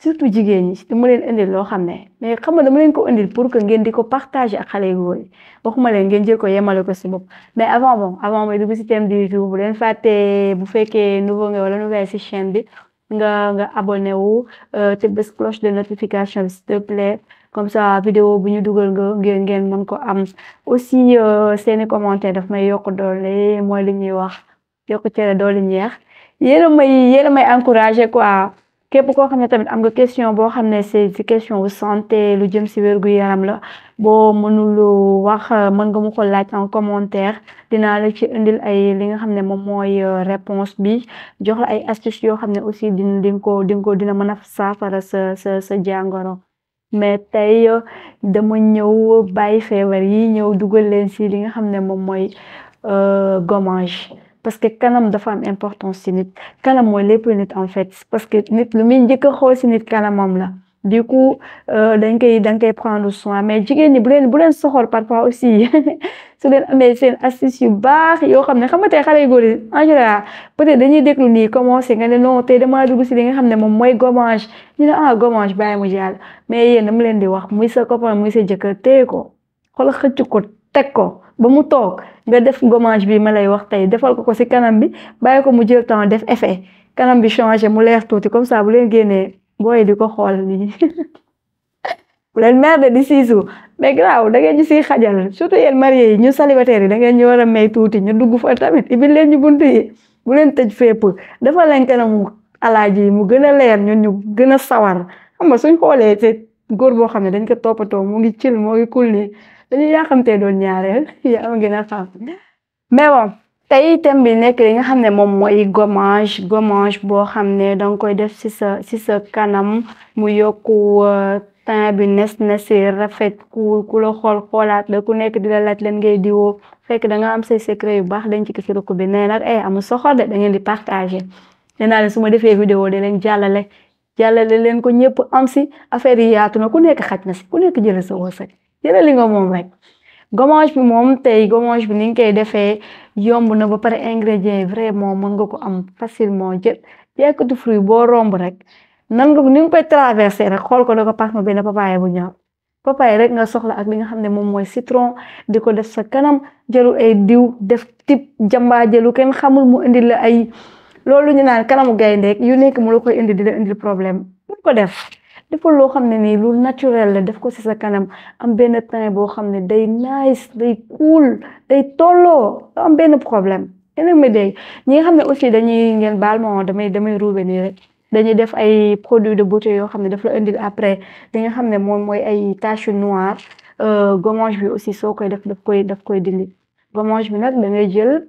surtout jigéen ñi dama leen indil loo xam ne mais xam nga dama leen ko indil pour que ngeen di ko partager ak xale ngeen jël ko yemale ko si mais avant bon avant may dugg si thème jour bu leen fàtte bu fekkee nouveau nga wala nouvelle si chaîne nga nga abonné wu euh, te bés cloche de notification bi s'il te plaît comme ça vidéo bu ñu dugal nga ngeen ngeen mën ko am aussi euh, seeni commentaire daf may yokk doole mooy li ñuy wax yokk cere doole ñeex yéen a képp koo xam ne tamit am nga question boo xam ne c'est si question wu santé lu jëm si wérgu yaram la boo mënul wax mën nga mu ko laaj en commentaire dinaa la ci indil ay li nga xam ne moom mooy euh, réponse bi jox ay astuces yoo xam ne aussi din di nga ko di dina mën a saafara sa sa sa jàngoro mais tey euh, dama ñëw bàyyi feebar yi ñëw dugal leen si li nga xam ne moom mooy euh, gommage parce que kanam dafa am importance ci nit kanam mooy lépp nit en fait parce que nit lu min njëkk a xool ci nit kanamam la du coup euh, dañ koy dañ koy prendre soin mais jigen ni bu len bu len soxor parfois aussi su leen amee seen astuce yu baax yo xam ne xam nga tey xale yu yi en général peut-être dañuy déglu ni commencer nga ne non tey dama dugg ci li nga xamné mom moy mooy gommage ñu ne ah gommage baye mu jall mais yéen dama len di wax muy sa copain muy sa jëkkër téye ko xool xëcc ko teg ko ba mu toog nga def gomage bi ma lay wax tey defal ko ko si kanam bi bàyyi ko mu jël temps def effet kanam bi changé mu leer tuuti comme ça bu leen génnee booy di ko xool nii bu leen mer de di siisu mais graaw da ngeen ñu siy xajal surtout yéen marié yi ñu célibataire yi da ngeen ñu war a tuuti ñu dugg fa tamit ibil leen ñu bunt yi bu leen tëj fépp defal leen kanamu alaaji yi mu gën a leer ñun ñu gën a sawar xam nga suñ xoolee te góor boo xam ne dañ ko toppatoo mu ngi cil moo ngi kul yakamtee doon ñaareel yaa ma gën a xam mais bon tay thème bi nek li nga xamne mom moy gommage gommage bo xamne dang koy def ci sa ci sa kanam mu yokku tan bi nes nesi rafet ku eh, ku lo xol xoolaat la ku nek dila la laaj leen ngay diwo fek da nga am say secret yu bax dañ ci ki ci rukk bi ne nak ay amul soxor de da ngeen di partager dina la suma defé vidéo de leen jallale jàllale leen ko ñëpp am si affaire yi ya yaatu na ku nekk xaj na si ku nekk jële sa wërsëg nga mom rek gommage bi mom tay gommage bi ni ñu koy defee yomb na ba par ingrédients vraiment mën nga ko am facilement jë du fruit bo romb rek nan nga ni ngi koy traverser rek xol ko da ko pass ma benn papaye bu ñaw papaye rek nga soxla ak li nga xam mom moy citron diko def sa kanam jëlu ay eh, diw def tip jamba jëlu ken xamul mu indi la ay lolou ñu naan kanamu gaynde yu nekk mu la koy indi dila indi problème bu ko def. defal loo xam ne nii lu naturel la def ko ci sa kanam am benn teint boo xam ne day nice day cool day tollo am benn problème yéen a ngi may ñi nga xam ne aussi dañuy ngeen baal ma damay damay ruube nii rek dañuy def ay produits de beauté yoo xam ne daf la indil après li nga xam ne moom mooy ay taches noires euh, gomange bi aussi soo koy def daf koy daf koy dindi gommage bi nag da jël.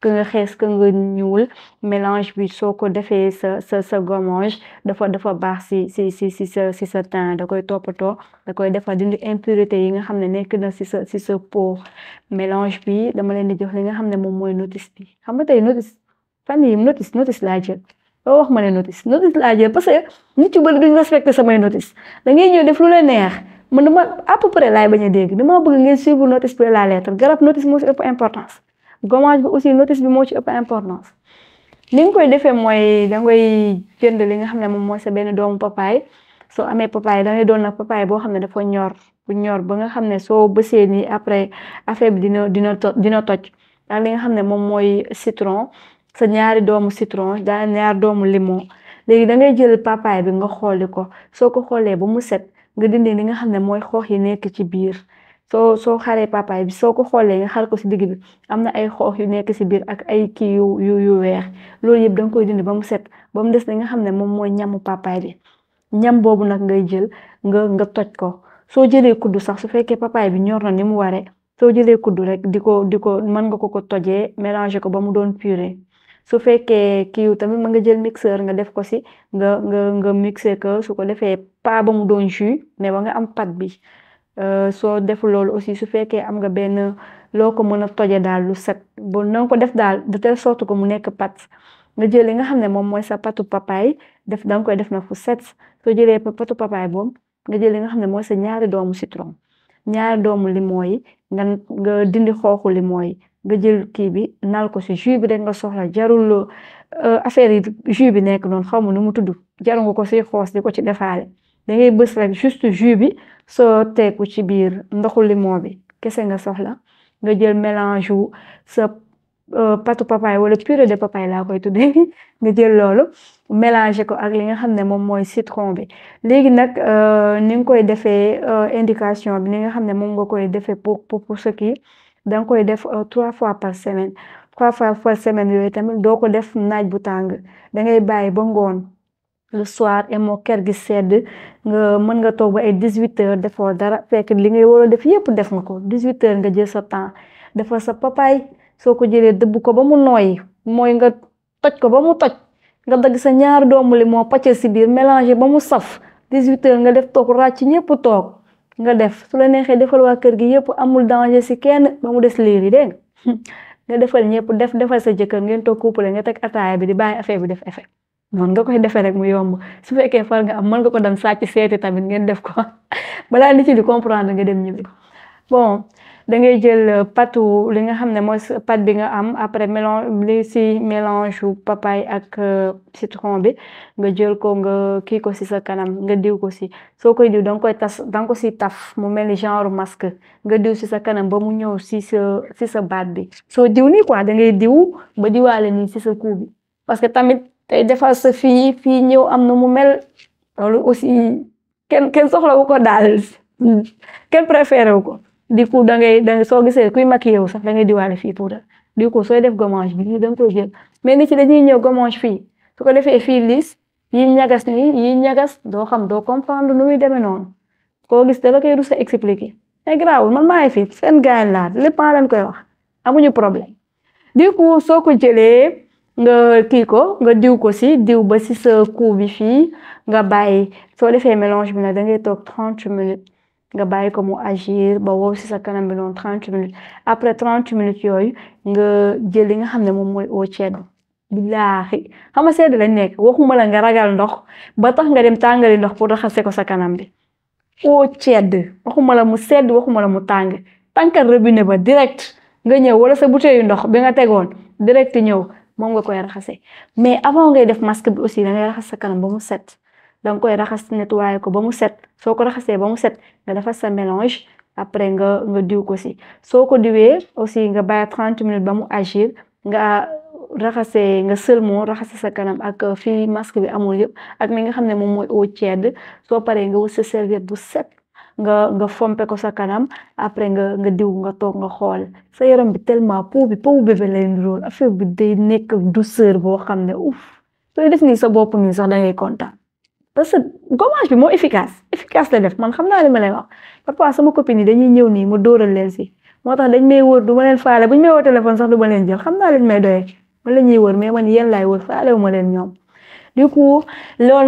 que nga xees que nga ñuul mélange bi soo ko defee sa sa sa gommage dafa dafa baax si si si si sa si sa teint da koy toppatoo da koy defal dindi impurité yi nga xam ne nekk na si sa si sa peau mélange bi dama leen di jox li nga xam ne moom mooy notice bi xam nga tey notice fan yii notice notice laa jël loo wax ma ne notice notice laa jël parce que nit yu bëri duñ respecté samay notice da ngay ñëw def lu la neex man dama à peu près laay bañ a dégg dama bëgg ngeen suivre notice bi la lettre garab notice moo si ëpp importance. gommage bi aussi notice bi moo ci ëpp importance li nga koy defee mooy da ngay jënd li nga xam ne moom mooy sa benn doomu papaay soo amee papaay da doon nag papaay boo xam ne dafa ñor bu ñor ba nga xam ne soo bësee nii après affaire bi dina dina dina toj ak li nga xam ne moom mooy citron sa ñaari doomu citron daa ñaar doomu limon léegi da ngay jël papaay bi nga xooli ko soo ko xoolee ba mu set nga dindi li nga xam ne mooy xoox yi nekk ci biir. so so xare papa bi so ko xoolee nga xal ko ci digg bi amna ay xox yu nekk ci bir ak ay ki yu yu yu wex lolou yeb dang koy dindi bam set bam dess li nga xamne mom moy ñam papa bi ñam bobu nak ngay jël nga nga toj ko so jëlé kuddu sax su fekke papa bi ñor na ni mu waree so jëlee kuddu rek diko diko man ko nga ko ko tojé mélanger ko bam mu doon purée su fekke ki yu tamit nga jël mixeur nga def ko si nga nga nga mixer ko su ko defee pa bam mu doon jus né ba nga am pat bi. Eh, soo def loolu aussi su fekkee am nga benn loo ko mën a toje daal lu set bo na ko def daal de telle sorte ko mu nekk pat nga jël li nga xam ne moom mooy sa patu papaay def dang koy def na fu set soo jëlee patu papaay boobu nga jël li nga xam ne mooy sa ñaari doomu citron ñaari doomu limon yi nga nga dindi xooxu limon yi nga jël kii bi nal ko si jus bi rek nga soxla jarul eh, affaire yi jus bi nekk noonu xaw ma nu mu tudd jarul nga ko si xoos di ko ci defaale da ngay bës rek juste jus bi soo teeku ci biir ndoxu limon bi kese nga soxla nga jël mélange wu sa euh, patu papaye wala purée de papaye la koy tuddee nga jël loolu mélanger ko ak li nga xam ne moom mooy citron bi léegi nag euh, ni nga koy defee euh, indication bi ni nga xam ne moom nga koy defee pour pour ce qui da nga koy def trois fois par semaine trois fois par semaine yooyu tamit doo ko def naaj bu tàng da ngay bàyyi ba ngoon. le soir et mo kër gi sedd nga mën nga toog ba ay 18 huit heures defoo dara fekk li ngay war a def yëpp def nga ko dix heures nga jël sa temps defal sa papay soo ko jëlee dëbb ko ba mu nooyi mooy nga toj ko ba mu toj nga dagg sa ñaari doomu li moo pàccal si biir mélanger ba mu saf 18 huit heures nga def toog ràcc ñëpp toog nga def su la neexee defal waa kër gi yëpp amul danger si kenn ba mu des liir yi dégg nga defal ñëpp def defal sa jëkkër ngeen toog couple nga teg ataaya bi di bàyyi affaire bi def effet noonu nga koy def rek mu yomb su fekkee far nga am man nga ko dem sàcc seeti tamit ngeen def ko balaa nit ci di comprendre nga dem ñibi bon da ngay jël patu li nga xam ne mooy pat bi nga am après mélange li si mélange papaye ak citron bi nga jël ko nga kii ko si sa kanam nga diw ko si soo koy diw da koy tas ko si taf mu mel ni genre masque nga diw si sa kanam ba mu ñëw si sa si sa baat bi soo diw nii quoi da ngay diw ba diwaale nii si sa cou bi parce que tamit tay défense sa fi fi ñew amna mu mel lolu aussi ken kenn soxlawu ko dal ken préféré wu ko du coup da ngay da so gisé kuy maquillé wu sax da ngay diwaale fi pour du coup sooy def gommage bi da nga koy jël mais ni ci dañuy ñew gommage fi su ko defee fi lis yi ñagas ni yi ñagas do xam do comprendre nu muy démé non ko gis da la koy rusa expliquer mais grawul man maa fi sen gaay la le maa leen koy wax amuñu problème du coup soo ko jëlee nga kii ko nga diw ko si diw ba si sa cou bi nga bàyyi soo defee mélange bi nag da ngay toog trente minutes nga bàyyi ko mu agir ba wow si sa kanam bi noonu trente minutes après trente minutes yooyu nga jël li nga xam ne moom mooy eau tiède billaahi xama nga sedd nekk waxuma la nga ragal ndox ba tax nga dem tàngali ndox pour raxase ko sa kanam bi eau tiède waxuma la mu sedd waxuma la mu tàng tànkal robinet ba direct nga ñëw wala sa bouteille ndox bi nga tegoon direct ñëw mom nga koy raxasse mais avant ngay def masque bi aussi da ngay raxas sa kanam ba mu set da koy raxas nettoyer ko ba mu set soko raxasse ba mu set nga defar sa mélange après nga nga diw ko aussi soko diwé aussi nga baye 30 minutes ba mu agir nga raxasse nga sëlmoo raxasse sa kanam ak fi masque bi amul yeb ak mi nga xamné mom moy eau tiède so paré nga wut sa serviette bu set. nga nga fompe ko sa kanam après nga nga diw nga xool sa yaram bi tellement peau bi peau bébé lay niróol affaire bi day nekk douceur boo xam ne ouf sooy def nii sa bopp nii sax da ngay kontaan parce que gommage bi moo efficace efficace la def man xam naa li ma lay wax parfois sama copine yi dañuy ñëw nii mu dóoral leen si leen ma leen jël xam naa man la ñuy faale wu ma leen ñoom du coup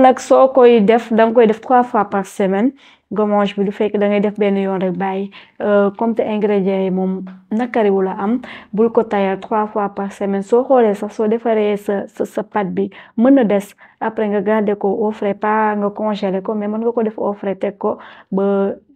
nag soo koy def da koy def trois fois par semaine gommage bi du fekk da ngay def benn yoon rek bàyyi euh, compte ingrédients yi moom nakariwu la am bul ko tayal trois fois par semaine soo xoolee sax soo defaree sa sa sa pâte bi mën na des après nga garder ko au frais pas nga congeler ko mais mën nga ko def au frais teg ko ba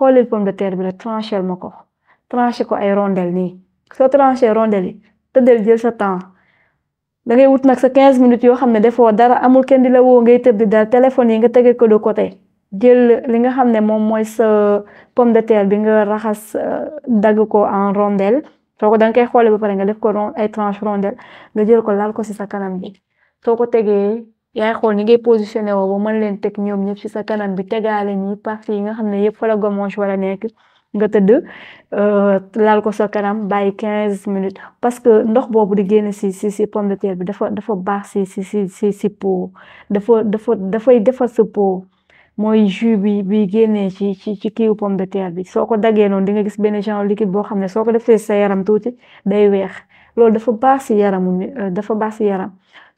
xoolil pomme de terre bi rek trancher ma ko trancher ko ay rondelles nii soo trancher rondelles yi del jël sa temps dangay wut nag sa 15 minutes yoo xam ne defoo dara amul kenn di la woo ngay tëdd dara téléphone yi nga tege ko de côté jël li nga xam ne moom mooy sa pomme de terre bi nga raxas dagg ko en rondelle soo ko danga koy xoole ba pare nga def ko ay tranche nga jël ko laal ko si sa kanam bi ko tegee. yaay xool ni ngay positionné woo ba mën leen teg ñoom ñëpp ci sa kanam bi tegale ñi partie yi nga xam ne yëpp fa la gommage wala nekk nga tëdd euh, laal ko sa kanam bàyyi quinze minutes parce que ndox boobu di génn si si si pomme de terre bi dafa dafa baax si si si si si dafa dafa dafay defar sa mooy jus bi bi génnee ci ci ci kiiwu pomme de terre bi soo ko daggee noonu di nga gis benn genre liquide boo xam ne soo ko defee sa yaram tuuti day weex loolu dafa baax si yaramu euh, dafa baax si yaram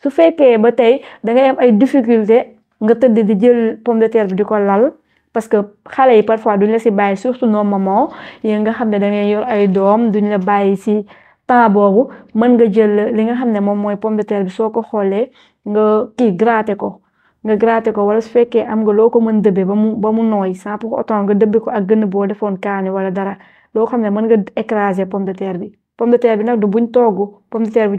su fekkee ba tey da ngay am ay difficulté nga tëdd di jël pomme de terre bi di ko lal parce que xale yi parfois duñ la si bàyyi surtout nos mamans yi nga xam ne da ngay yor ay doom duñ la bàyyi si temps boobu mën nga jël li nga xam ne moom mooy pomme de terre bi soo ko xoolee nga kii gratter ko nga gratter ko wala su fekkee am nga loo ko mën dëbbe ba mu ba mu nooy sans pour autant nga dëbbe ko ak gën boo defoon kaani wala dara loo xam ne mën nga écraser pomme de terre bi pomme bi nag du buñ togg pomme de bi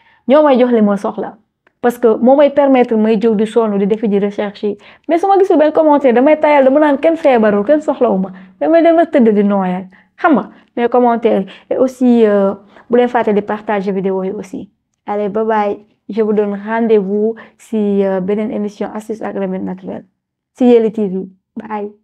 ñoo may jox li ma soxla parce que moo may permettre may jog di sonu di def di recherche mais suma ma gisul benn commentaire damay tayal dama naan ken feebarul ken soxlawuma ma damay dem teud di noyal xam nga mais commentaire et aussi euh, bu len faté di partager vidéo yi aussi allez bye bye je vous donne rendez-vous si euh, benen émission assis agrément naturel si yeli TV bye